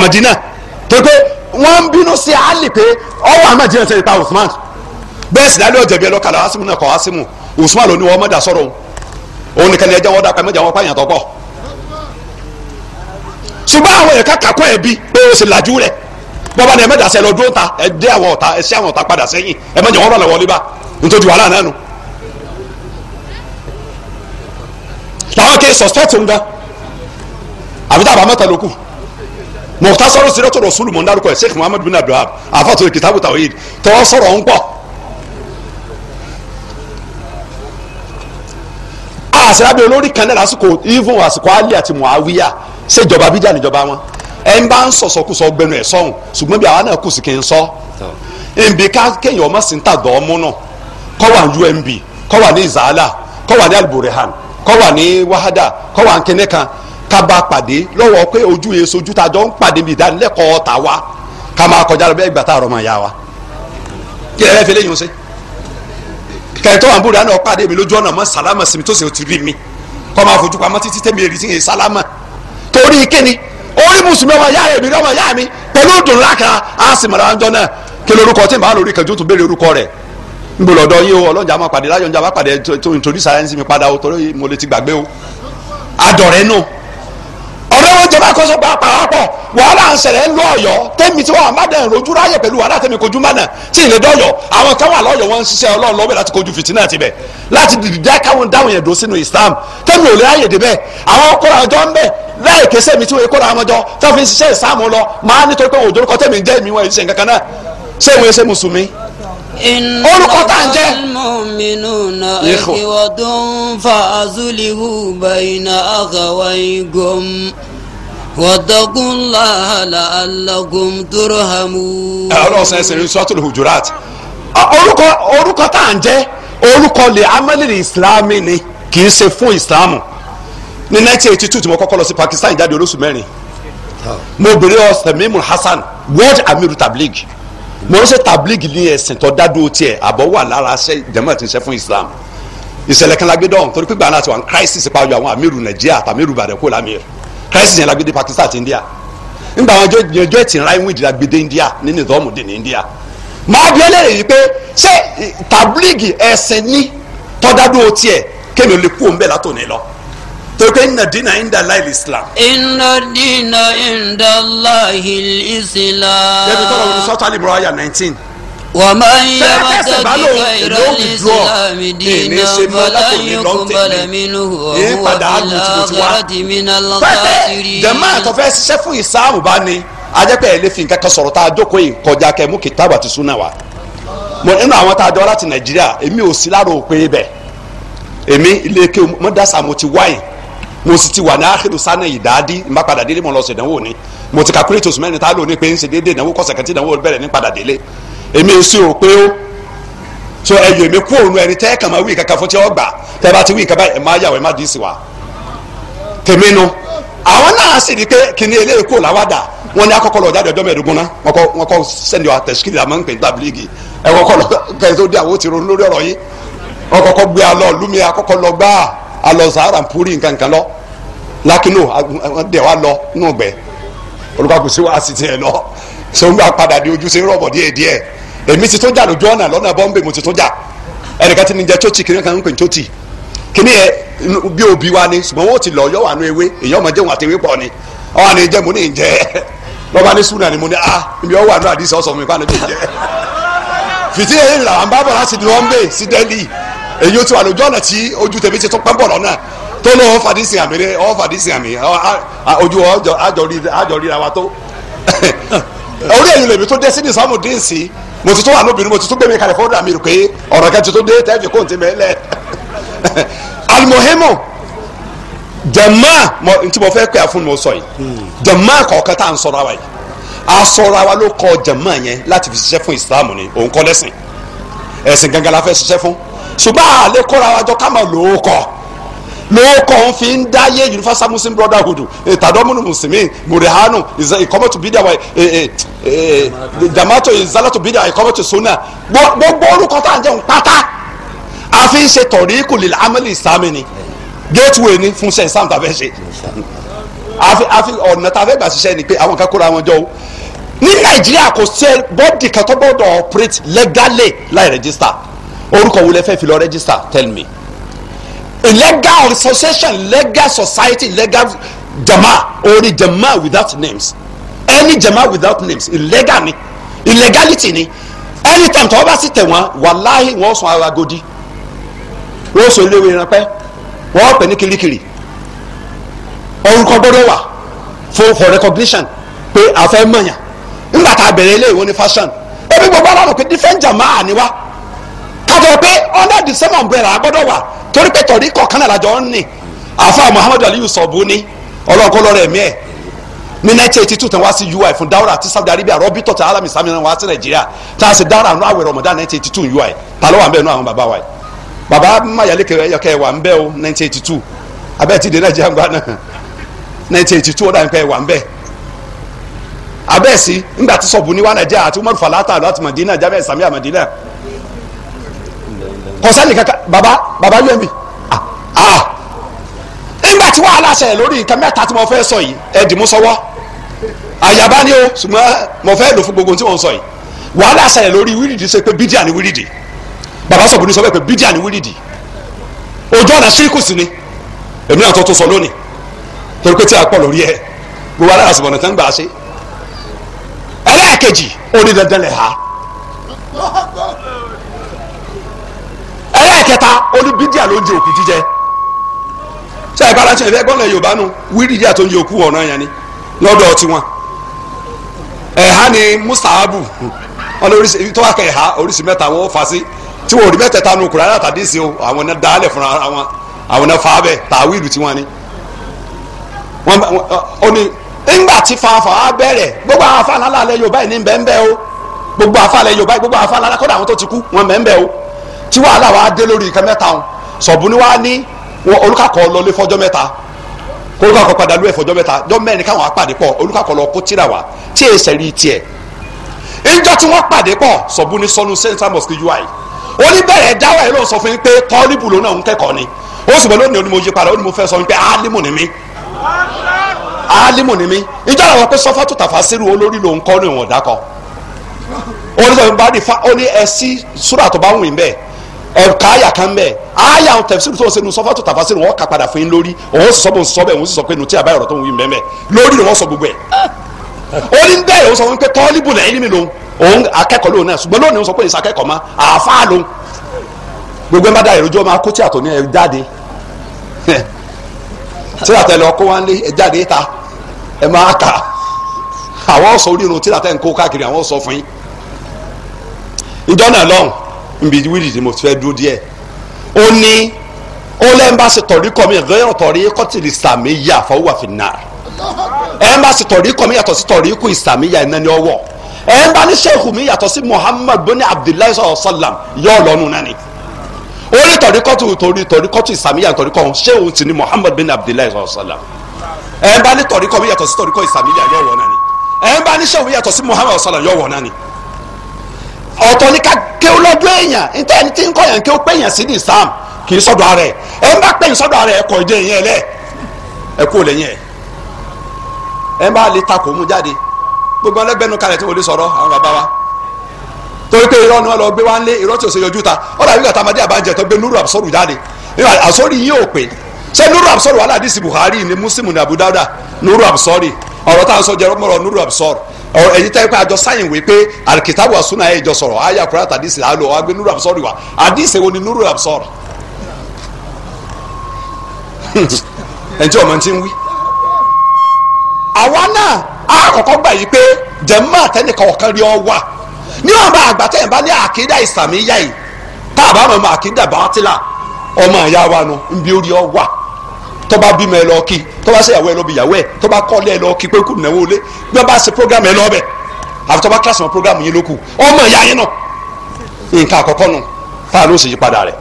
Madina tó pé wọ́n ń bínú sí Ali pé ọwọ́ àmàdínà tẹ̀lé pa Usman bẹ́ẹ̀ sì lálẹ́ ọ̀jẹ̀bi ẹlọ́kadà Asimu náà kọ́ Asimu Usman ló ní wọ́n mọ̀dà sọ̀rọ̀ òun nìkan ni ẹjẹ́ wọ́n dà pẹ́ mọ́jà wọn pààyàn tọ́pọ̀ ṣùgbọ́n àwọn ẹ̀ka kakọ́ ẹ̀ bi pé o sì làjú rẹ̀ bọ́ba ni ẹ mẹ́ta sẹ́ lọ dúró ta ẹ dé àwọn ọ̀tá ẹ sí àwọn ọ̀tá padà sẹ́yìn ẹ mẹ́jọ wọn bá lọ wọlé bá nítorí wàhálà náà nu. làwọn kì í suspect ń gan àbí tá a bá mẹ́ta lókù mọ̀tásọ́rọ̀ sí rẹ́tọ̀rọ̀ sùlù mọ̀ ndárúkọ ẹ̀ sheikh muhammad bin abdulhab àfàtò kìtàbù tawhid tọ́ sọ̀rọ̀ ń pọ̀. àṣìlábẹ̀ olórí kan náà lásìkò even àsìkò ali àti muawiya ṣèjọba abidjan níjọba wọn ẹ ń bá ń gbẹnu ẹ̀ sọ̀hún ṣùgbọ́n bí àwa n sọ. nbí kéèyàn ọmọ sí ń náà kọ́ wà UMB kọ́ wà ní kọ́ ká bá pàdé lọ́wọ́ pé ojú yẹn sojú tá a jọ ń pàdé mi ìdánilẹ́kọ̀ọ́ ta wa ká máa kọjá lọ bẹ́ẹ̀ gbà tá a rọ̀ mọ̀ ya wa kí ẹ fẹ́ léyìn o ṣe kẹ̀tọ́ àbúrò àná pàdé mi lójú ọ̀nà mọ́ sálámà sí mi tó sì ti rí mi kọ́ máa fojú pamọ́ títí tẹ́mi èrì sí yẹn sálámà torí kíni orí mùsùlùmí ọmọ yára èmi ọmọ yára mi pẹ̀lú dùnrún lákàrà á sì mọ̀ra ọjọ́ náà kí lorúkọ tí n bá lórí kẹjọ tó béèrè orúkọ rẹ̀ n bò lọ́dọ̀ yín o ọlọ́jà máa pàdé láyọ̀ njẹ́ a bá pàdé tó nítorí sáyẹ́nsì mi padà o torí mo lè ti gbàgbé o adọ̀rẹ́ náà ọ̀rẹ́ wọn jẹba kọ́sọ́ gba pàápọ̀ wàhálà ń ṣẹlẹ̀ ńlọ ọ̀yọ́ tẹ́mi tí wọ́n á má dẹ̀ rojú ráyè pẹ̀lú wàhálà tẹ́mi kojú mánà tí ìlẹ̀ dọ́yọ̀ àwọn kan wà lọ́yọ̀ wọn ń ṣiṣẹ́ ọlọ́run lọ́bẹ̀ láti kojú fìtínà tibẹ̀ láti dìdá káwọn dáhùn yẹn dó sínú Islam tẹ́mi ò lè ráyè débẹ̀ àwọn kóra ọjọ́ ń bẹ̀ láì kése mi tí wọ́n kóra wọn jọ tó fi ń ṣiṣẹ́ Islam lọ máa nítorí pé òjòrúkọ tẹ́mi jẹ́ mi wọ́n ṣe nǹkan orúkọ tá à ń jẹ́. mu'minuna ikhwatun fa'azlihu bayna akhawaykum wattaqullaha la'allakum turhamun. ọlọ́run sẹ́yìn sẹ́yìn suratul hujurat orúkọ orúkọ tá à ń jẹ́ orúkọ lè amẹ́lẹ̀lẹ̀ ìsìlámù ni kì í ṣe fún ìsìlámù ní 1982 tí mo kọ́kọ́ lọ sí Pakistan jáde olóṣù mẹ́rin ah. mo bèrè ọ̀sẹ̀ mímu Hasan world amiru tabligh mò ń ṣe tablig ní ẹ̀sìn tó dádúró tiẹ̀ àbọ̀ wà lára ṣẹ́ jẹ́mọ̀ tí ń ṣe fún Islam ìṣẹ̀lẹ̀ kan lágbé dọ̀hún torí pé gbàgbọ́n àti wọn crisis pa ọjọ́ àwọn amíru Nàìjíríà àtàmíru Ìbàdàn kó lamir crisis yẹn lágbé dé Pakistan àti India ńgbà wọn jọjọ ti ra ìwé ìdílé gbèdé India ní nìdọ́mù dé ní India máa bí ẹlẹ́rìí yìí pé ṣé tablig ẹ̀sìn ní tọ́dádúró tiẹ̀ kémi ò lè kú òun bẹ́ẹ̀ látòun ní lọ torí inna dina inda láìlì islam. inna dina inda láìlì islam. jẹ́bi tọ́lọ̀ ní sọ́tàlì mọ́ra àyà nineteen. ومن يبتغي غير الإسلام دينا فلن يقبل منه وهو في الآخرة من الخاسرين. jàmáà tó fẹ́ ṣiṣẹ́ fún ìsáàmù bá ní ajẹ́pẹ́ ẹ̀ lè fi nǹkan kan sọ̀rọ̀ tá a jókòó yìí kọjá kẹ́ mú kìtàbù àti súnà wá. mo nínú àwọn tá a jọ láti nàìjíríà èmi ò sí láàrò òpin ibẹ̀ èmi ilé kí mọ́dásà mo ti wáyìn mo sì ti wà ní àkìlù sánà ìdádí n padà délé mo lọ sí ìdánwò ni mo ti calculate oṣù mẹ́rin tá a lò ní pé ń ṣe déédéé ìdánwò kọ̀sẹ̀ kan tí ìdánwò bẹ̀rẹ̀ ní padà délé èmi ń ṣe ò pé ó so ẹ̀yọ̀ èmi kú òun ẹni tẹ́ kàn máa wí kankan fún tí ó gbà tẹ́ bá ti wí kankan ẹ̀ máa yàwó ẹ̀ má dì í sí wa tèmi nu àwọn náà sì rí i pé kìnìún eléyìí kò láwàdà wọn ní akọkọ lọ jáde ọjọ́ mẹ́ẹ̀ẹ́dógún ná wọn kọ wọn kọ sẹni wa tẹsíkìlì la máa ń pè ní tabiligi ẹ wọn kọ lọ kẹsàn-án ó dé àwọn ó ti ronú lórí ọ̀rọ̀ yìí wọn kọ́kọ́ gbé alọ lumi akọkọ lọ gbáà alọ sahara puri nǹkan kan lọ lakino dẹ̀ wa lọ inú gbẹ olùkàkùsí wa lọ sẹ́wọ́n bá padà di ojúṣe rọ̀bọ̀ díẹ̀díẹ̀ èmi ti tún jà lójú ọ̀nà mo ti ti ní dza chọ́ọ̀tì kìnìún kan ń pè ní chọ́ọ̀tì kìnìún obi wa ni ṣùgbọ́n ti lọ yọ wà ewe èyí àti ni ni mo ní jẹ́ ni mo a ibi ọ̀wà nù àdìsí mi èyí ó ti wà lójú ọ̀nà tí ojú tèmi ti tún pẹ́ bọ̀ lọ́nà tó lọ ọ̀fàdí sin àmì rẹ ọ̀fàdí sin àmì ojú àjọ ríra wa tó orí ẹ̀yìn lèmi tó dé sí ní sàmù dínsì mo ti tún wà lóbìnrin mo ti tún gbé mi kalẹ̀ fọ́dọ̀ àmì rẹ pé ọ̀rọ̀ kan ti tún dé tẹ́ẹ̀fì kò tí mẹ́lẹ̀ alimohemo jama tí mo fẹ́ pè á fún mi sọ yìí jama kọ̀ọ̀kan tá à ń sọ̀rọ̀ àwa yìí asọ̀rọ̀ àwa ló kọ jama yẹn láti fi ṣiṣẹ́ fún ìsìlámù ni òun kọ́ lẹ́sìn ẹ̀sìn gangan la fẹ́ ṣiṣẹ́ fún ṣùgbọ́n àlẹ́ kóra wa jọ ká máa lò ó kọ́ lóòkọ̀ ń fi ń dáyé universal muslim brotherhood tàdọ́mùnú mùsùlùmí mùrìhánù ìkọ́mọ̀tò bídà wa dàmátò ìzálàtò bídà ìkọ́mọ̀tò sunna gbogbo orúkọ tá à ń jẹun pátá a fi ń ṣe tọ̀rí kùlìlà amẹ́lì ìsàmì ni gateway ni fún ṣe ìsàmì tàbẹ́ ṣe àfi ọ̀nà tàbẹ́ gbà ṣiṣẹ́ ni pé àwọn kan kóra wọn jọ o ní nàìjíríà kò sí bọ́ọ̀dì kan tó gbọ́dọ̀ operate legally láì rẹ́gísítà orúkọ wo lẹ fẹ́ fi lọ register tell me a legal association legal society legal jama or jama without names any jama without names illegal ni illegality ni anytime tọ́wọ́ bá sì tẹ̀ wọ́n wàláhì wọ́n sọ ara godi wọ́n sọ iléèwé ìrànpẹ́ wọ́n pè ní kirikiri orúkọ gbọ́dọ̀ wà for for recognition pé àfẹ́ mọ̀yàn nígbà tá a bẹ̀rẹ̀ ilé ìwọ ni fashion ebi gbogbo ara pé different jama ni kájọ pé under the same umbrella gbọ́dọ̀ wà torí pé tọ̀rí kọ̀ọ̀kan náà làjọ ń nì àfa muhammadu aliyu sọ̀bùnì ọlọ́kọ́lọ́rọ̀ ẹ̀mí ẹ̀ ní nineteen eighty two tán wá sí ui fún dáwọ́rà àti saudi arabia rọ́bì tọ̀tà alami sami náà wá sí nàìjíríà tá a sì dára àánú àwẹ̀ rọ̀mọ̀dá nineteen eighty two ui ta wà ń àwọn ti nàìjíríà gbà náà nineteen eighty two ó dà ń pẹ́ wà ń abẹ́ẹ̀ sí ńgbà kọ̀sẹ́nì kankan baba baba yomi ah ah nígbà tí wàhálà ṣẹlẹ̀ lórí nǹkan mẹ́ta tí mo fẹ́ sọ yìí ẹ dì mú sọ́wọ́ àyàbá ni o ṣùgbọ́n mo fẹ́ lò fún gbogbo tí mo ń sọ yìí wàhálà ṣẹlẹ̀ lórí wíìdì ṣe pé bídíà ni wíìdì baba sọ̀bù ni sọ pé bídíà ni wíìdì ojú ọ̀nà ṣíríkù sí ni èmi náà tó tó sọ lónìí torí pé tí a pọ̀ lórí ẹ gbogbo aláàsìmọ̀nà tán gbà á ṣe ẹlẹ́ẹ̀kejì ó ní dandan lẹ̀ ẹlẹ́ẹ̀kẹta olùbídíà ló ń jẹ òkú jíjẹ ṣé ìbára ṣe ìfẹ́ gbọ́nà yorùbá nu wíìdíà tó ń jẹ òkú ọ̀ràn yẹn ni lọ́dọ̀ tiwọn ẹ̀há ni mustahabu wọn lórí tó wà kẹ́ ẹ̀há oríṣi mẹ́ta wọn ó sí tí wọn ò rí mẹ́tẹ̀ẹ̀ta nu kùrẹ́ àtàdé sí o àwọn náà dálẹ̀ fúnra wọn àwọn náà fa tiwọn ni ní ńgbà tí fanfa á bẹ̀rẹ̀ gbogbo àwọn yorùbá yìí ní bẹ́ẹ̀ bẹ́ẹ̀ o gbogbo yorùbá yìí gbogbo kọ́dà àwọn tó ti kú wọn bẹ́ẹ̀ bẹ́ẹ̀ o tí wàhálà wa dé lórí nǹkan mẹ́ta wọn sọ̀bùnú wa ní olùkàkọ́ lọlé fọjọ́ mẹ́ta olùkàkọ́ padà lóye fọjọ́ mẹ́ta jọ mẹ́rin káwọn apàdé pọ̀ olùkàkọ́ lọ kó tíra wa tí èyí sẹ̀rí tiẹ̀ ìjọ tí wọ́n pàdé pọ̀ sọ̀bùnú sọnù central mosque ui oníbẹ̀rẹ̀ dáwọ̀ yìí ló sọ fún yín pé tọ́líbù ló náà ń kẹ́kọ̀ọ́ ni ó sì bọ̀ lónìí ó ní mo yí padà ó ní mo fẹ́ sọ fa ó ní ẹ sí súrà ẹ̀ka àyà kan bẹ́ẹ̀ àyà àwọn tẹ̀síìrì tó ń sẹ́nu sọ́fà tó tàfà sínú wọ́n kà padà fún yín lórí òun sì sọ bó ń sọ bẹ́ẹ̀ òun sì sọ pé nùtí àbáyọ̀ ọ̀rọ̀ tó ń wí mẹ́mẹ́ lórí ni wọ́n sọ gbogbo ẹ̀ ó ní bẹ́ẹ̀ òun sọ wọn pé tọ́líbù lẹ́yìn mi lòun òun akẹ́kọ̀ọ́ lòun náà ṣùgbọ́n lónìí òun sọ pé èsì akẹ́kọ̀ọ́ ma àáfàá lòun gbogbo ẹ̀ bá dá ìròjọ́ máa kó tí àtọ̀ ní ẹ jáde tí àtẹ̀ lọ kó wá lé ẹ jáde ta ẹ máa kà àwọn sọ orírun tí àtẹ̀ ń kó káàkiri àwọn sọ fún yín ìjọ náà lọ́hùn níbi wíìlì tí mo ti fẹ́ dúró díẹ̀ ó ní ó lẹ́ńbàṣì tọ̀rí kọ́ mi rẹ́yàn tọ̀rí kọ́tìlì sàmì yà fọwọ́ àfìnà ẹ̀ńbàṣì tọ̀rí kọ́ mi yàtọ̀ sí tọ̀rí kù ìsàmì yà iná ní ọwọ́ ẹ̀ńbàṣì sẹ́kù mi yàtọ̀ sí Muhammad bóni Abdullahi sallam yọ ọlọ́nu náà ni ó ní tọ̀rí kọ́tù torí tọ̀rí kọ́tù ìsàmì yà tọ̀rí kọ́ sẹ́hùn ti ní Muhammad bóni Abdullahi sallam ẹ̀ńbàṣì tọ̀rí kọ́ mi yàtọ̀ sí tọ̀rí kọ́ ìsàmì yà yọ ọwọ́ náà ni ẹ̀ńbàṣì sẹ́hùn mi yàtọ̀ sí Muhammad sallam yọ ọwọ́ náà ni ọ̀tọ̀ ni ká kéwú lọ́dún èèyàn níta ẹni tí ń kọ́ yẹn kéwú pé èèyàn sí ní Islam kì í sọ́dọ̀ ara ẹ̀ ẹ̀ ń bá pẹ̀yìn sọ́dọ̀ ara ẹ̀ ẹ̀kọ́ ìdí èèyàn ẹ̀lẹ́ ẹ̀ kú lẹ́yìn ẹ̀ ẹ̀ ń bá lè takò mú jáde gbogbo ọlẹ́gbẹ́nu kalẹ̀ tí wọ́n lè sọ̀rọ̀ àwọn bàbá wa torí pé irọ́ ni wọ́n lọ gbé wá lé irọ́ tí ò ṣe yọjú ta ọ̀là yìí kàtà amadé àbájẹ tó gbé nuru absoru jáde àsórí yìí ò pé ṣé nuru absoru wàhálà àdìsí Buhari ni Muslim ni Abu nuru absoru ọ̀rọ̀ tá à ń sọ jẹ́rọ́ mọ́rọ̀ nuru absoru ẹ̀yin tẹ́ pé àjọ sáyìn wé pé alikitabu asuna ẹ̀ jọ sọ̀rọ̀ àyà kúrẹ́ àtàdísì àlọ́ àgbẹ̀ nuru absọ́rì wa àdísì wo ni nuru absọ́rì ẹ̀jẹ̀ ọmọ ti ń wí. àwa náà a kọ́kọ́ gbà yí pé jẹ̀mọ́ àtẹnìkan ọ̀kan rí ọ wà ní ọba àgbà tẹ̀ ń bá ní àkídà ìsàmì yá yìí tá a bá mọ̀ mọ̀ àkídà bàtìlà ọmọ ìyá wa nu ń bí ó ọ wà tó bá bímọ ẹ lọ kí tó bá ṣèyàwó ẹ lọ bí ìyàwó ẹ tó bá ẹ lọ kí pé kò náwó lé bí bá ṣe program ẹ lọ bẹ̀ àfi tó bá wọn program yín ló kù ọmọ ìyá yín náà nǹkan àkọ́kọ́ nù táà ló sì yí padà rẹ̀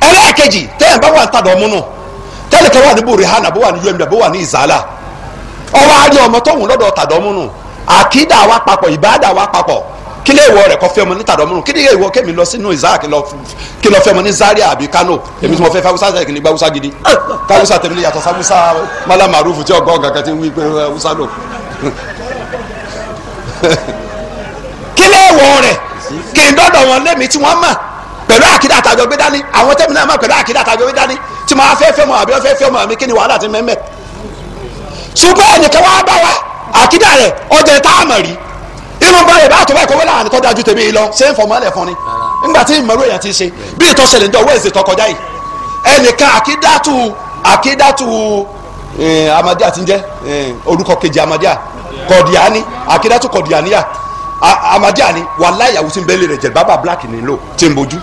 ẹlẹ́ẹ̀kejì tẹ́yìn bá wà ń tàdọ̀ ọmú náà tẹ́lẹ̀ kẹ́ wà ní burihana bó wà ní umd bó wà ní ìzàlà ọwọ́ àárẹ̀ lọ́dọ̀ tàdọ̀ ọmú náà àkídà wa papọ̀ ìbáàdà kí lè wọ rẹ̀ kọ́ fẹ́ ọmọ ní tàdọ́mọ́rùn kí lè wọ kémi lọ sínú Isaac kí lọ fẹ́ ọmọ ní Zaria àbí Kano èmi tí mo fẹ́ fáwùsá sẹ́yìn kì ní gba Hausa gidi káwùsá tẹ̀mí lè yàtọ̀ sáwùsá mọ́lá màrúfù tí ọgọ́ ọ̀gá kẹtí ń wí pé Hausa lò kí lè wọ rẹ̀ kí n dọ́dọ̀ wọn lẹ́mi tí wọ́n mọ̀ pẹ̀lú àkídà àtàjọ gbé dání àwọn tẹ́mi náà mọ̀ pẹ̀lú àkídà àtàjọ gbé dání tí mo fẹ́ fẹ́ mọ̀ àbí wọ́n fẹ́ fẹ́ mọ̀ mi kí ni wàhálà ti mẹ́mẹ́ ṣùgbọ́n ẹnìkan wá bá wa àkídà rẹ̀ ọjà ẹ̀ tá a rí inú báyìí bá àtúbà ìkọ̀wé láàrin tó dájú tèmi lọ ṣé ń fọmọ́lẹ̀ fún ni nígbà tí ìmọ̀rú èèyàn ti ṣe bí ìtọ́ ṣẹlẹ̀ ńdọ̀ wẹ́ẹ̀sì tọkọjá yìí ẹnìkan àkídàtù àkídàtù amadiya ti ń jẹ́ orúkọ kejì amadiya kọ̀díàní àkídàtù kọ̀díàníyà amadiya ni wàhálà ìyàwó ti ń bẹ́lẹ̀ rẹ̀ jẹ̀ bàbá black ni lò ti ń bojú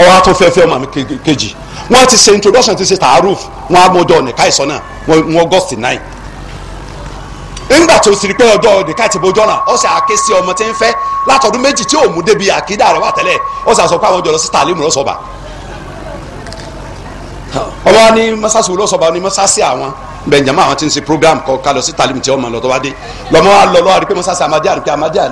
ọwọ́ àtún fẹ́ fẹ́ ọmọ mi kejì wọ́n ti ṣe introduction ti ṣe taaruf wọ́n á mọ́jọ́ ọ̀nìkà ìsọ náà wọ́n gọ́ọ̀sì náà nígbà tó sì rí pé ọjọ́ òde káàtì bójọ́ náà ọ̀sẹ̀ àké sí ọmọ tí ń fẹ́ látọdún méjì tí ò mú débi àkídà rẹ̀ wà tẹ́lẹ̀ ọ̀sẹ̀ àsọpọ̀ àwọn jọ̀lọ́ síta àlẹ́ mìíràn sọ̀bà ọba ní mọ́sáàsì wúlọ́ sọ̀bà ní mọ́sáàsì àwọn bẹ̀njàmọ́ àwọn tí ń ṣe program kọ ká lọ sí talim tí ọmọ lọ́tọ́ wá dé lọ́mọ wa lọ lọ́wọ́ àdìpé mọ́sáàsì amadiya àdìpé amadiya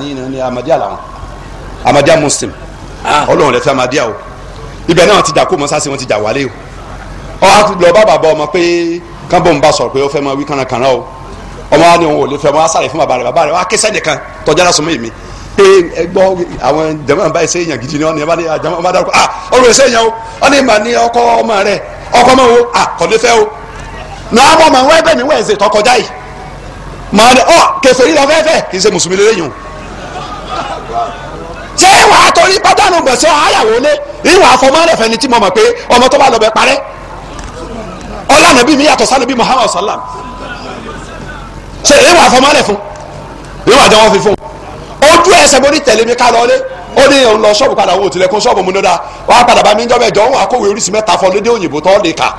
ọmọ wa ni òun ò lè fẹ́ ọmọ wa sáré fún bàbá rẹ̀ bàbá rẹ̀ wa ké sẹ́ni kan lásán mọ́ èmi pé ẹ àwọn jama bá ẹsẹ̀ èèyàn gidi ni wọ́n ní ẹ̀ma ní àjàmọ́ ah, ọmọ adarúkọ ah ọ̀rọ̀ ẹsẹ̀ èèyàn o wọ́n ní ìmà ọkọ ọmọ rẹ̀ ọkọ ọmọ wo ah kọ̀lé fẹ́ o nà á mọ̀ mà wọ́n ẹgbẹ́ mi wọ́n ẹ̀sẹ̀ tọkọjá yìí mà á ní ọ kẹfẹ́ yìí lọ fẹ́fẹ́ kì í ṣe mùsùlùmí lélẹ́yìn o ṣé wàá torí pátánù gbọ̀nsẹ̀ àyàwó lé ìwà àfọmọ́lẹ̀ fẹ́ni ṣe èyí wà fọmọlẹ fún èyí wà jẹun fífún ojú ẹsẹ̀ mo ní tẹ̀lé mi ká lọ lé ó ní òun lọ ṣọ́ọ̀bù padà òun ò tilẹ̀ kún ṣọ́ọ̀bù mu nídà wà á padà bá mi ń jọ́bẹ̀ jọ òun àkọ̀wé oríṣi mẹ́ta fọ lédè òyìnbó tó lè kà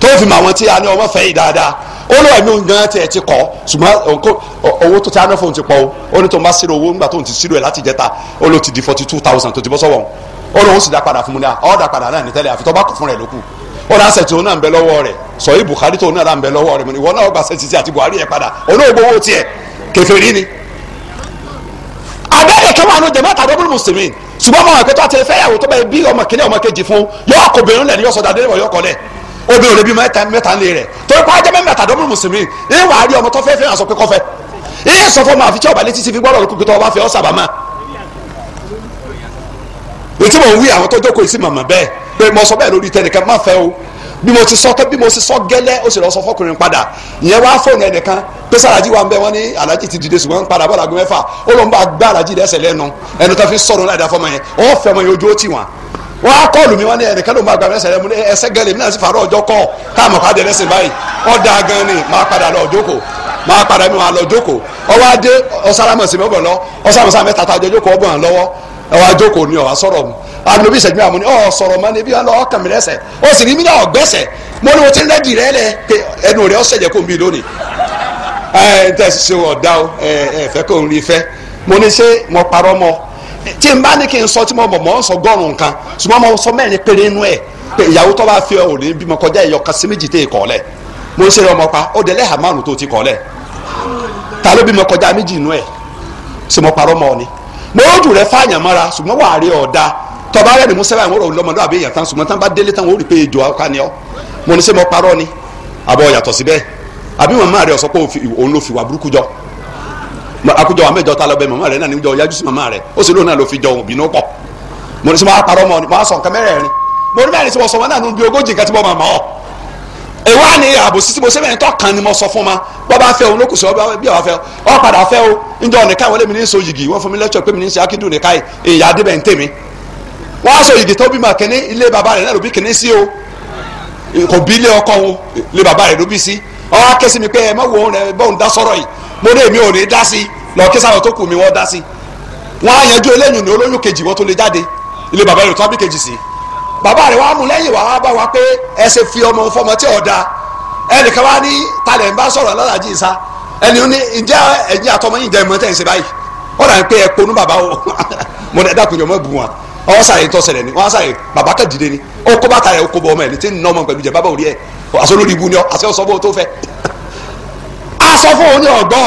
tó fi mọ àwọn tí a ní ọmọ fẹ́ yìí dáadáa ó lọ ẹ̀mí òun gan tiẹ̀ ti kọ́ ṣùgbọ́n owó tó ti aná fóun ti pọ̀ o ó ní tó ń bá sírò owó ńgbà tó ń ti sírò ẹ̀ láti jẹta ó ló ti di forty two thousand tó ti bọ́ sọ́wọ́ ó lóun sì dá padà fún mi náà ọ́ dá padà náà ní tẹ́lẹ̀ àfi tó bá kọ̀ fún rẹ̀ lókù ó ra sẹ̀tì òun náà ń bẹ lọ́wọ́ rẹ̀ sọ̀yìn Buhari tóun náà ń bẹ lọ́wọ́ rẹ̀ mọ̀ ní ìwọ náà gba sẹ̀tì tí àti Buhari yẹn padà olóògbé owó tiẹ̀ kèfèrí ni. abẹ́rẹ́ kẹwàá àánú jẹ̀mọ́ àtàdé búrú mùsùlùmí ṣùgbọ́n ọmọ ẹ̀kọ́ tó àti fẹ́yàwó tó bẹ́ẹ̀ bí ọmọ kìnìún ọmọ kejì fún yọ kòbìnrin lẹ̀ ní yọ sọ̀dá délé wọ̀ yọ kọ́lẹ̀ obìnrin ò lè bí mẹ́ta mẹ́ta lé rẹ̀ torí pa ajẹ́ mẹ́ta àtàdé búrú mùsùlùmí ní wàá rí ọmọ tó fẹ́ fẹ́ràn sọ pé kọ́fẹ́ ìyẹn sọ fún ọmọ àfi tí ọba létí ti fi gbọ́dọ̀ lókùnkùn tó ọba fẹ́ ọ sábà máa ètí pé mo sọ bẹ́ẹ̀ lórí tẹnìkan má fẹ́ o bí mo ti sọ tẹ bí mo ti sọ gẹ́lẹ́ ó sì lọ sọ fọkùnrin padà ìyẹn wá fóònù ẹnìkan pé sàràjì wa ń bẹ wọn ní alájì ti dìde ṣùgbọ́n ń padà bọ́ làgọ́ mẹ́fà ó ló ń bá gbá alájì lẹ́sẹ̀ lẹ́nu ẹnu tó fi sọ̀rọ̀ láì dáfọ́ mọ́ yẹn ó fẹ́ mọ́ yẹn ojú ó tì wọ́n wọ́n á kọ́ọ̀lù mi wọ́n ní ẹnìkan ló ń bá gbà mẹ́sẹ̀ lẹ́mu ẹsẹ̀ gẹ́lẹ́ mi náà sì fàárọ̀ ọjọ́ kọ́ káàmọ̀ ká ni máa padà lọ jókòó máa padà mi wà lọ jókòó ọwọ́ adé ọ̀sáramọ̀sí mi ọ̀bọ̀n lọ ọ̀sáramọ̀sí mi tàtà ọjọ́ jókòó àlọ́ bí ìṣẹ́jú àmúni ọ̀ sọ̀rọ̀ mọ́ ni bí wọ́n lọ ọkàn mi lẹ́sẹ̀ ó sì rí mi náà gbẹ́sẹ̀ mo ní mo ti rẹ́dì rẹ́ lẹ pé ẹnu rẹ̀ ó ṣẹ̀jẹ̀ kó mi lónìí ẹ ẹ tẹ́ ṣe o ẹ ẹ fẹ́ kó n rí fẹ́ mo ní ṣé mo parọ́ mọ́ tí n bá ní kí n sọ tí mo mọ̀ mọ́ sọ gọ́rùn kan ṣùgbọ́n mo sọ mẹ́rin péré inú ẹ̀ pé ìyàwó tó bá fi ọ̀ ní bímọ kọjá ìyọ kan sí méjì tẹ́ ìkọ́ lẹ̀ mo ń ṣe ọmọ pa ó dẹ̀ lẹ́hà márùn tó ti kọ́ lẹ̀ ta ló bímọ kọjá méjì inú ẹ̀ ṣe mo parọ́ mọ́ ọ ni mo rọ́jù rẹ fáàyàn mọ́ra ṣùgbọ́n wàá rí ọ̀dà tọba rẹ ni musa báyìí wọn rọ lọmọdé àbí èèyàn tán sùnmọ́ tán bá délé tán wọn ò rí pé ejò ọkà ni ọ mo ní sẹ mo parọ́ ni àbọ̀ yàtọ̀ síbẹ̀ àbí màmá rẹ ọ̀sọ́ pé òun ló fi wà burúkú jọ akójọ wa mẹ́jọ ta lọ bẹ màmá rẹ náà níjọ yájú sí màmá rẹ ó sì lóun náà ló fi jọ òbí náà pọ̀ mo ní sẹ mo parọ́ mọ ni mo á sọ nǹkan mẹ́rẹ̀ẹ̀rin mo ní bẹ́ẹ̀ ni wọ́n sọ wọn náà nù bí ogójì nǹkan tí mo máa mọ̀ ni àbòsí tí mo sẹ́fẹ̀ẹ́ tọ́ kan ni mo sọ fún ma bọ́ bá fẹ́ òun ló kù sí ọ bí ọ fẹ́ ọ padà fẹ́ o njọ́ nìka wọlé mi ní so yìgì wọ́n fún mi lẹ́tọ̀ pé mi ní sẹ́ akíndùn nìka yìí adébẹ̀ ń tèmi wọ́n á sọ ìdè tó bímọ kínní ilé bàbá rẹ̀ náà ló bí kínní sí o kò bí ilé ọkọ wọn ilé bàbá rẹ̀ ló bí sí ọ̀hún akẹ́sí mi pé ẹ má wo òun rẹ̀ bọ́ọ̀ ń dá sọ̀rọ̀ yìí mo ní èmi ò ní dá sí lọ́ọ́ kí sáwọn tó kù mi wọ́n dá sí wọ́n á yanjú eléyìí ní olóyún kejì wọ́n tó lè jáde ilé bàbá rẹ̀ tó bí kejì sí bàbá rẹ̀ wàá mú lẹ́yìn wàá bá wa pé ẹ ṣe fi ọmọ fọmọ tí ọ̀ da ẹnìkan wá ní ọwọ́ sàyè tó ṣẹlẹ̀ ni wọ́n sàyè bàbá kan dìde ni ó kó bàtà yẹ kó bọ ọmọ ẹ̀ ní tí ń ná ọmọ pẹ̀lú jẹ bàbá òrí ẹ̀ ni ọ aṣọ sọ o tó fẹ́ aṣọ fún ni ọgbọ́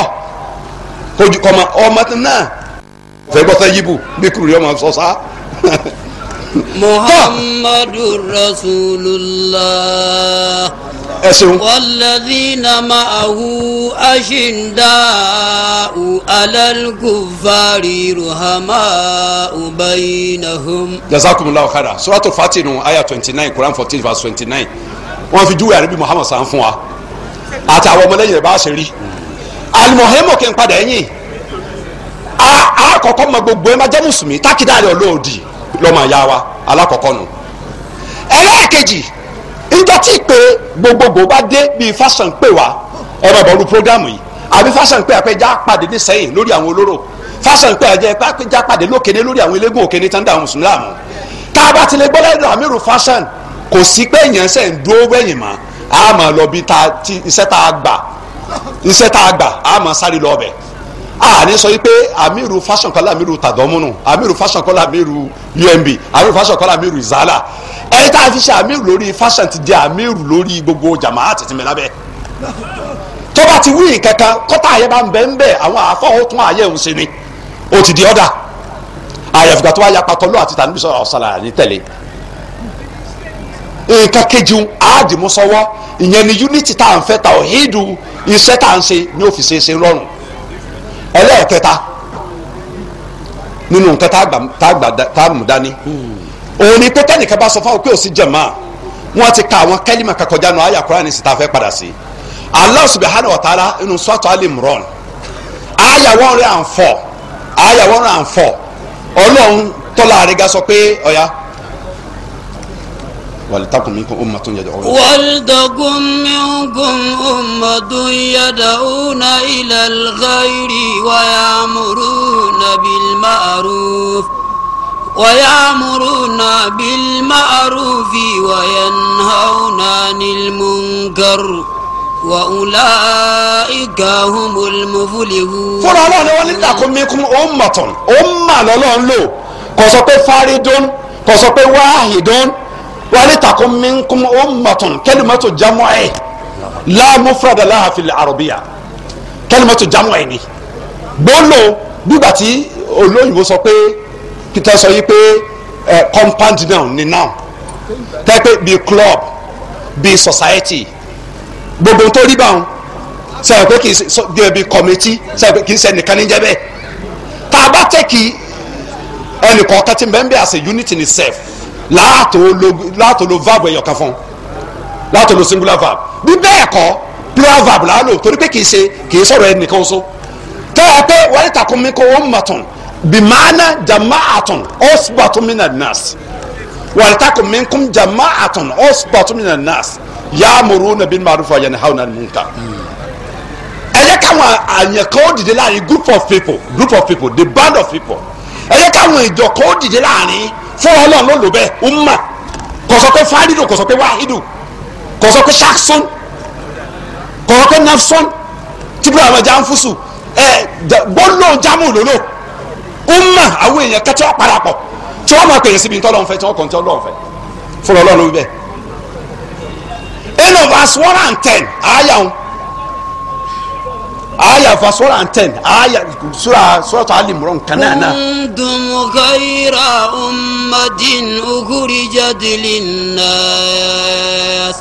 kojú ọmọ ọmọ náà fẹ́ gbọ́tọ̀ yíbu bí kúrò yọ muhammadu rasulullah. ẹ ṣeun. walladhina ma'ahu ashinda'u alal kuffari ruhama'u bainahum. jazakumullahu khairan suratul fatih nù aya twenty nine quran fourteen verse twenty nine wọ́n fi júwe àríbí muhammad sàn fún wa àtàwọn ọmọlẹ́yìn rẹ̀ bá ṣe rí alimọ̀hẹ́mọ̀ kí n padà ẹ̀yìn a kọ́kọ́ mọ gbogbo ẹ má jẹ́ mùsùlùmí tákìdá rẹ̀ olóòdì lọ́mọ ìyá wa alákọ̀ọ́kọ́ nù. ẹlẹ́ẹ̀kejì ìjọ tí ìpè gbogbogbò bá dé bíi fashion pè wá ẹ̀rọ ìbọ̀rù prógámù yìí àbí fásán pè àpẹjá pàdé ní sẹ́yìn lórí àwọn olóró fásán pè àpẹjá pàdé lókèné lórí àwọn eléégún òkèné tán dà àwọn mùsùlùmí àmú tá a bá ti lè gbọ́ lẹ́nu àmírù fásán kò sí pé èèyàn sẹ́ ń dúró wẹ̀yìn mọ́ a máa lọ bí iṣẹ́ tá a gbà iṣẹ́ tá a gbà a máa sáré lọ bẹ́ẹ̀ àní sọ wípé amiru fashion kọ́lá amiru tàdọ́múnù amiru fashion kọ́lá amiru umb amiru fashion kọ́lá amiru zala ẹni tá a fi ṣe amiru lórí fashion ti di amiru lórí gbogbo jamaat ti mi lábẹ́ tó bá ti wí kankan kọ́tà àyẹ̀ bá ń bẹ́ ń bẹ́ àwọn àfọwọ́ tún àyẹ̀ ń ṣe ni ó ti di ọ̀dà àyàfìgbà tó wá yapa tọ́lọ́ àti tàbí sọ̀rọ̀ ọ̀sán ní tẹ̀lé nǹkan kejì àádìmúsọwọ́ ìyẹn ni unity tá à ń fẹ́ ta òhídùú iṣẹ́ tá à ń ṣe ní òfìsèṣe rọrùn ẹlẹ́ẹ̀kẹta nínú nǹkan tá a mú dání hmm. òun ni pé tẹ́nìkan bá sọ fún àwọn pé òsì jẹ̀mọ́ wọn ti ka àwọn kẹ́límà kan kọjá náà àyà Kùránì sì fẹ́ padà sí Allah subhanahu wa ta'ala inú sọ́tọ̀ Al-Imran àyà one hundred and four àyà one hundred and four ọlọ́run tọ́lá àrẹ́gá sọ pé ọ̀ya. ولتكن منكم أمة يدعون ولتكن منكم أمة يدعون إلى الخير ويأمرون بالمعروف ويأمرون بالمعروف وينهون عن المنكر وأولئك هم المفلحون fúnra ọlọ́run ni wọ́n ní takun minkum ummatan ọmọ lọ́lọ́run lò kò sọ wali takun minkum ummatun kalimatu jam'i la mufrada laha fil arabiyya kalimatu jam'i ni gbolo nígbà tí olóyìnbó sọ pé kìtà sọ yìí pé compound noun ni noun tẹ́pẹ́ bíi club bíi society gbogbo tó rí báwọn sẹ́yìn pé kìí sọ bíi committee sẹ́yìn pé kìí ṣe ẹnìkan ní jẹ́bẹ́ tá a bá tẹ́ kí ẹnìkan kẹ́tí bẹ́ẹ̀ as a unit in itself láàtò lo verb ẹ̀yọ̀ kan fún láàtò lo singular verb bí bẹ́ẹ̀ kọ́ plural verb là á lò torí pé kìí ṣe kìí sọ̀rọ̀ ẹ̀ nìkan so tẹ́lẹ̀ pé wọ́n ti takùn mi kó wọ́n mọ̀tún bimaana jamaatun osbatun mina nas walitakun minkum jamaatun osbatun mina nas yaamuruna bil ma'ruf wa yanhauna 'anil munkar ẹ yẹ káwọn àyànkọ́ dìde láàrin group of people group of people the band of people ẹ yẹ káwọn ìjọ kọ́ dìde láàrin fún ọlọ́run ló lò bẹ́ẹ̀ umma kò sọ pé fárídù kò sọ pé wáhídù kò sọ pé sakson kò sọ pé nafson tibura àwọn janfusu ẹ gbólóhùn jámù lòlò umma àwọn èèyàn kẹtẹ ọ̀parapọ̀ tí wọ́n máa pèyè síbi ntọ́ lọ́nfẹ́ tí wọ́n kàn tí lọ́nfẹ́ fún ọlọ́run ló bẹ́ẹ̀ end of verse one and ten aya ń aya verse one and ten aya sura sura tó alimuro nkan náà náà. kundum ghayra um. محمد أخرجت للناس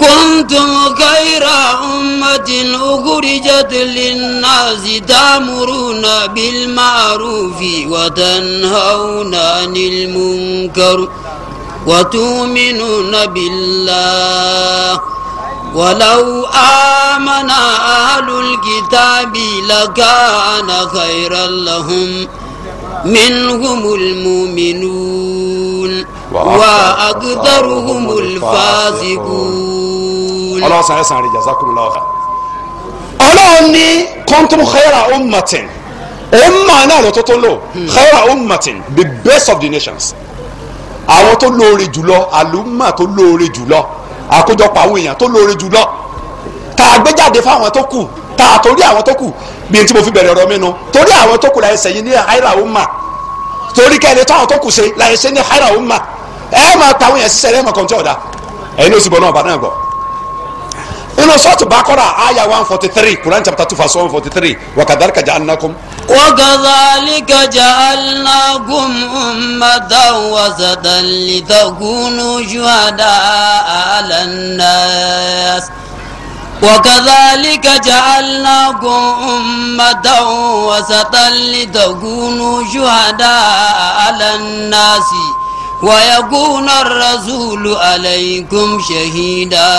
كنتم خير أمة أخرجت للناس تأمرون بالمعروف وتنهون عن المنكر وتؤمنون بالله ولو آمن أهل الكتاب لكان خيرا لهم منهم المؤمنون وأقدرهم الفاسقون الله سعيد سعيد جزاكم الله خير ọlọ́run ní kuntum khayra ummatin umma náà ló tó tó lò hmm. khayra ummatin the best of the nations àwọn tó lóore jùlọ àlùmọ̀ tó lóore jùlọ àkójọpọ̀ àwọn èèyàn tó lóore jùlọ tá a gbé fáwọn tó kù ta torí àwọn tó kù bí n tí mo fi bẹ̀rẹ̀ ọ̀rọ̀ mi nu torí àwọn tó kù la yìí ní haira umma torí kẹ́ni táwọn tó kù ṣe la ní haira umma ẹ máa ta àwọn yẹn sísẹ ẹ máa kàn tí ọ̀dà ẹ̀yin ló sì bọ̀ náà bàdàn gbọ́. inú sọ́ọ̀tù bákọ́rà àyà one forty three Quran chapter two verse one forty three wa kadhalika ja'alnakum. wa kadhalika ja'alnakum ummatan wasatan litakunu shuhada'a 'alan nas. وكذلك جعلناكم أمة وسطا لتكونوا شهداء على الناس ويكون الرسول عليكم شهيدا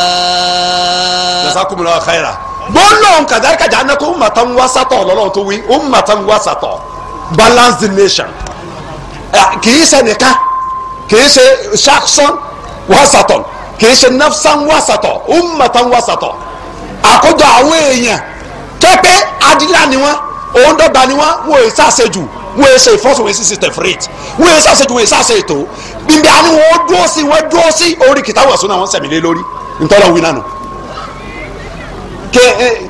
جزاكم الله خيرا gbólóhùn kàdáríkà jáde kó ummatan wasatọ̀ lọ́lọ́run tó wí ummatan wasatọ̀ balance the nation kìí ṣe nìkan kìí ṣe shakhsan wasatọ̀ kìí ṣe nafsan wasatọ̀ ummatan wasatọ̀ àkójọ àwọn èèyàn tẹ́pẹ́ adílà ni wọ́n òun dọ́gba ni wọ́n wọ́n èyí sàṣejù wọ́n èyí ṣe ìfọ́sùn wọ́n èyí ṣe tẹ̀fúrẹ́tì wọ́n èyí sàṣejù wọ́n èyí ṣàṣe ètò bíbí àni wọ́n dúró sí wọ́n dúró sí orí kìtàwọ̀ sún àwọn sẹ̀mí lé lórí ntọ́lọ̀ wí nánu. ké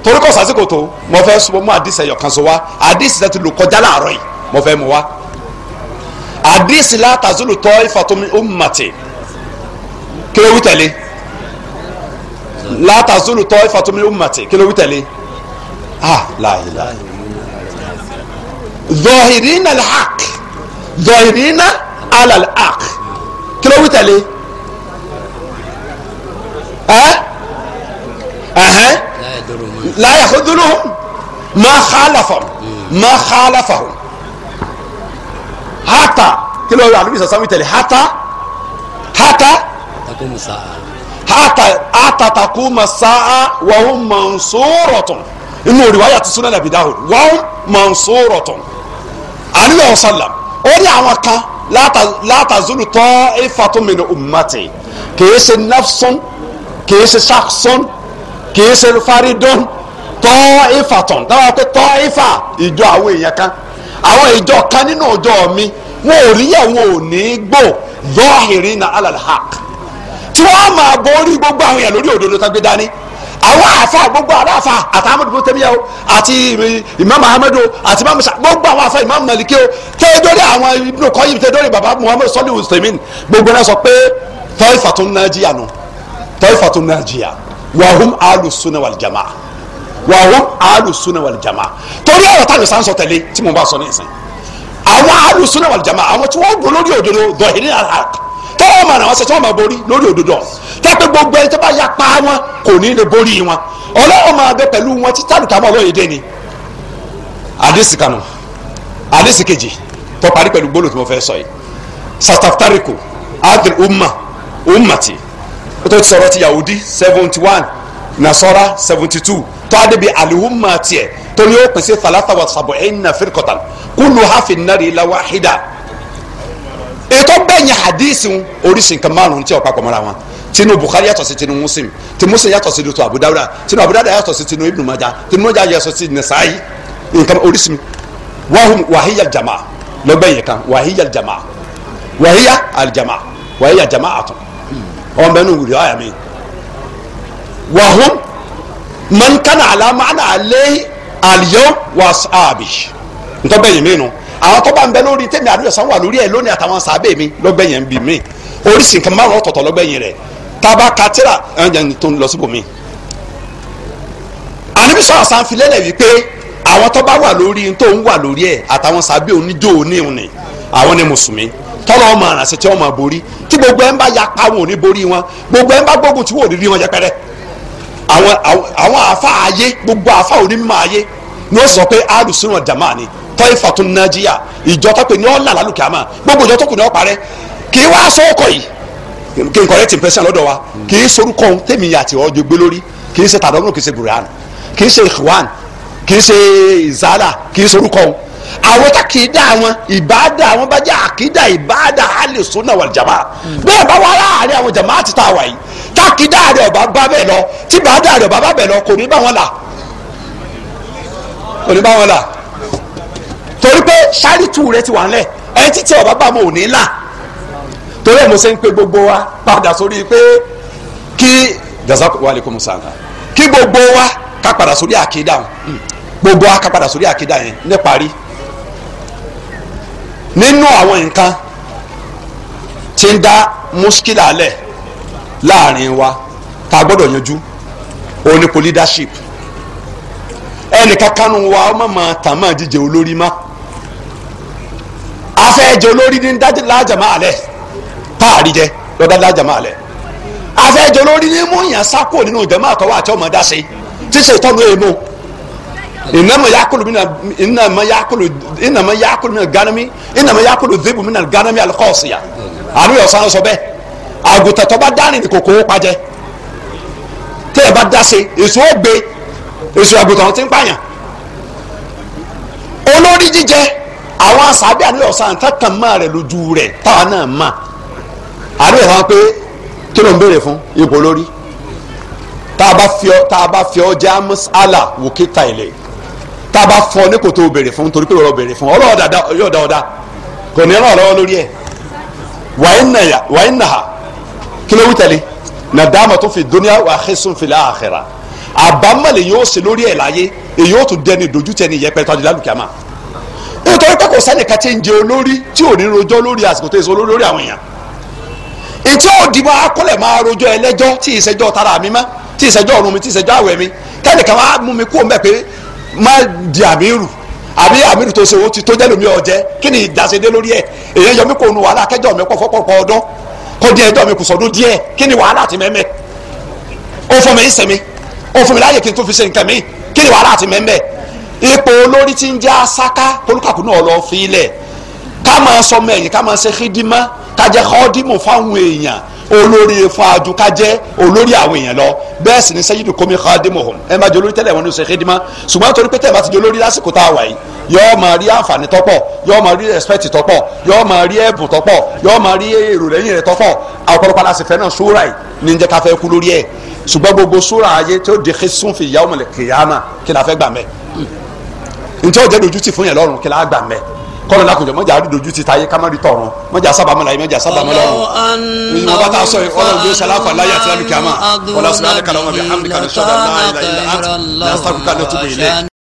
torí kọ́ sásìkò tó mo fẹ́ sọ mú àdìsẹ̀ yọ̀kan so wa àdìsẹ̀ ti lò kọjá láàárọ̀ yìí mo fẹ́ mu wa àdìsẹ̀ látàzúlù tọ́ ìfàtúmí ó màtì kí ló tẹ̀lé látàzúlù tọ́ ìfàtúmí ummati kí ló wí tẹ̀lé ah láìlá zọhìrìnà alhaq zọhìrìnà alalhaq kí ló wí tẹ̀lé eh? eh, eh? láyà kúndùnú má xaalafahum má xaalafahum hata kí ló wí àlùbí sàsámi tẹ̀lé hata hata àtàtàkù màsáà wàhùn mọ̀nsóòrọ̀tàn inú òrìwáyà ti súnlẹ̀ nàbí dáhùn wàhùn mọ̀nsóòrọ̀tàn àníyàn ọ̀sálà ó ní àwọn kan látàzúlù tọ́ ìfàtúmìnà ummati kìí ṣe nafsun kìí ṣe saksun kìí ṣe faridun tọ́ ìfàtàn dáwọ́ pé tọ́ ìfà ìjọ àwọn èèyàn kan àwọn ìjọ kan nínú ọjọ́ mi wọn ò rí yẹ wọn ò ní gbò na alal haq tí wọ́n máa borí gbogbo àwọn èèyàn lórí òdodo tán gbé dání àwọn àfa gbogbo aláfa àti amadu bó tẹ́míyà o àti imam ahmedu àti imam sa gbogbo àwọn afa imam maliki o tẹ́dọ́rẹ́ àwọn ibùdó kọ́yìn tẹ́dọ́rẹ́ baba muhammadu sọ́lí hussein gbogbo náà sọ pé taifa tun najiya nu taifa tun najiya wahum alu suna wal jamaa wahum alu suna wal jamaa torí ọ̀rọ̀ táwọn sàn sọ tẹ̀lé tí mo bá sọ ní ìsìn àwọn alu suna wal jamaa àwọn tí wọ́n gbọ́ lórí òdodo dọ̀hìnrín àlàkà tọ́wọ́ màrà wọn ṣe tí wọ́n máa borí lórí òdodo tọ́pẹ́ gbogbo ẹni tó bá ya pa wọn kò ní lè borí wọn ọlọ́wọ́ máa bẹ pẹ̀lú wọn tí tálùkà mọ́ ọlọ́yẹ dé ni. àdìsí kanu àdìsí kejì tó parí pẹ̀lú gbólóhùn tí mo fẹ́ sọ yìí sataftariku adil umma ummati tó ti sọ̀rọ̀ ti yahudi seventy one nasara seventy two tó a débi alihumma tiẹ̀ tó ní ó pèsè falata wa sabu ẹ̀yìn na firikọta kúlù hafi nari la wahida hadith oríṣi nǹkan márùn-ún tí ó papọ̀ mọ́ra wọn tinu Bukhari yàtọ̀ sí tinu Muslim ti Muslim yàtọ̀ sí dutu Abu Dawuda tinu Abu Dawuda yàtọ̀ sí tinu Ibn Majah tinu Majah yàtọ̀ sí Nasa'i nǹkan oríṣi wahum wahiya jama lọ́gbẹ̀yìn kan wahiya jama wahiya aljama wahiya jama atun ọ̀n bẹ́ẹ̀ ni wùdí ọ̀yà mi wahum man kana ala ma'ana alayhi àwọn tó bá ń bẹ lórí tèmi àdúrà sanwó àlórí ẹ lónìí àtàwọn sàbẹ mi lọgbẹyìn bí mi oríṣi nǹkan márùn ọ̀tọ̀ọ̀tọ̀ lọgbẹyìn rẹ taba katira ẹnjẹ tó ń lọ síbòmí. àníbi sọ àṣà àfilẹ́lẹ̀ wípé àwọn tó bá wà lórí tó ń wà lórí ẹ àtàwọn sàbẹ oníjó oníhun ni àwọn ni mùsùlùmí tọ́lọ́ ọmọ àrànṣẹ́ tí wọ́n máa borí tí gbogbo ẹ̀ ń bá yapa wọn ò ní borí wọn gbogbo ẹ̀ ni ó sọ pé alùsùn wọn ni taifatun najiya ìjọ tó pè ní ọ̀là lálùkẹ́ àmà gbogbo ìjọ tó kù ní ọ̀parẹ́ kì í wá sọ́kọ̀ yìí kí n correct impression lọ́dọ̀ wa kì í sorúkọ ohun tẹ̀mí àti ọjọ́ gbé lórí kì í ṣe tàdọ́nù kì í ṣe buran kì í ṣe ikhwan kì í ṣe izala kì í sorúkọ ohun àwọn tá kì í dá àwọn ìbáàdà àwọn bá jẹ́ àkídà ìbáàdà alẹ́ sunna wal jamaa bẹ́ẹ̀ bá wà láàárín àwọn jamaa ti ta wà yìí tá kì í dá àrẹ ọ̀bá bá bẹ́ẹ̀ lọ tí bá dá àrẹ ọ̀bá bá bẹ́ẹ̀ lọ kò ní bá wọn là kò ní bá wọn là torí pé ṣáàlìtù rẹ ti wà lẹ̀ ẹni títí ọ̀bá bá mo ò ní là torí ẹ̀ mo ṣe ń pe gbogbo wa padà sórí pé kí jazakumulakum sanga kí gbogbo wa ká padà sórí àkídà gbogbo wa ká padà sórí àkídà yẹn ní parí nínú àwọn nǹkan tí ń dá muskila lẹ̀ láàrin wa tá a yanjú òun ni kò leadership ẹnìkan kanu wa ọmọ màá tàn máa jíjẹ olórí má afẹ́jẹ olórí ní dájú lájàmá alẹ̀ táàrí jẹ lọ́dá lájàmá alẹ̀ afẹ́jẹ olórí ní mú yàn sákò nínú ìjọba àtọwọ́ àti ọmọ dá sí tí ṣe ìtọ́nu èèmọ̀ ìnàmọ yakulu mina ìnàmọ yakulu ìnàmọ yakulu mina ganami ìnàmọ yakulu zibu mina ganami alikọsiya àánú yọ sáà sọ bẹ́ẹ̀ àgùntàn tó bá dárìn ní kòkòrò pàjẹ tẹ ẹ bá dá sí èso ó gbé èso àgùntàn ti ń pààyàn olórí jíjẹ àwọn asàbí àníyàn ọ̀sán tàkàn máa rẹ̀ lójú rẹ̀ táwa náà mà àníyàn sáwọn pé kí ló ń béèrè fún ipò lórí tá a bá fi ọ já mọ́sálà wò kí ta ilẹ̀ tá a bá fọ ní kò béèrè fún torí pé ọ̀rọ̀ béèrè fún ọlọ́ọ̀ dáadáa yóò dá ọ dá kò ní ràn lọ́wọ́ lórí ẹ̀ wàyí nàá kí ló wí tẹ̀lé nàdàmà tó fi dúnìá wà hẹ́sùn fìlà àkhírà àbámọ̀lẹ̀ yóò ṣe lórí ẹ̀ láyé èyí yóò tún dẹni dójú tẹni yẹpẹ tọ́jú lálùkìá máa nítorí pé kò sẹ́nìkan tí ń jẹ olórí tí ò ní rojọ́ lórí àsìkò tó èso olórí àwọn èèyàn ìtí ò dìbò akọ́lẹ̀ máa rojọ́ ẹlẹ́jọ́ tí ìṣẹ́jọ́ tara mi mọ́ tí ìṣẹ́jọ́ ọ̀run mi tí ìṣẹ́jọ́ àwẹ̀ mi tẹ́nìkan wá mú mi kú mẹ́ pé má di àmírù àbí àmírù tó ṣe owó ti tó jẹ́ lómi ọ̀jẹ́ kí ni ìdásẹ́dé lórí ẹ̀ èyàn yọ mí kò nu wàhálà kẹjọ mi pọ̀fọ́pọ̀pọ̀ ọdún kó dín ẹjọ́ mi kù sọ́dún díẹ̀ kí ni wàhálà ti mẹ́mẹ́ ó fún mi ń sẹ́mi ó fún mi láyè kí n tó fi ṣe nǹkan mi kí ni wàhálà ti mẹ́mẹ́ ipò olórí tí ń já sáká tolúkàkú náà lọ fi ilẹ̀ ká máa sọmọ ẹ̀yìn ká máa ṣe kídímọ́ ká jẹ́ kọ́dímù fáwọn èèyàn olórí fún adu ká jẹ́ olórí àwọn èèyàn lọ bẹ́ẹ̀ sì ni sẹ́yìn kò mi kọ́dímù hàn ẹ máa jẹ olórí tẹ́lẹ̀ wọn ní ṣe kídímọ́ ṣùgbọ́n torí pé tẹ̀ bá ti jẹ olórí lásìkò tá a wà yìí yọ́ọ́ máa rí àǹfààní tọ́pọ̀ yọ́ọ́ máa rí respect tọ́pọ̀ yọ́ọ́ máa rí ẹ̀bùn tọ́pọ̀ yọ́ọ́ máa rí èrò lẹ́yìn rẹ̀ tọ́pọ̀ àpọ̀lọpọ̀ aláṣẹ fẹ́ náà sóra yìí ní jẹ́ ká fẹ́ kú lórí ẹ̀ ṣùgbọ́n gbogbo sóra ayé tó dèké sún yàwó mọ̀lẹ̀ kìyàmà kí la fẹ́ njẹ́ òjẹ́ dojú ti fún yẹn lọ́rùn kí la gbà mẹ́ kọ́lọ́ lakunjọ mọ́jà dojú ti táyé kámẹ́rì tọ̀run mọ́jà sábàmọ́ láyé mọ́jà sábàmọ́ lọ́run ìyẹn bá tá a sọ yìí ọlọ́run yóò ṣẹlẹ̀ àfàlà yàtí lálùkì àmà ọlọ́sùn alẹ́ kàlọ́ wọn bẹ hàmdìkàlẹ́ sọ́dọ̀ náà ilà ilà àti nàásàkùkà lẹ́tùbẹ̀ ilẹ̀.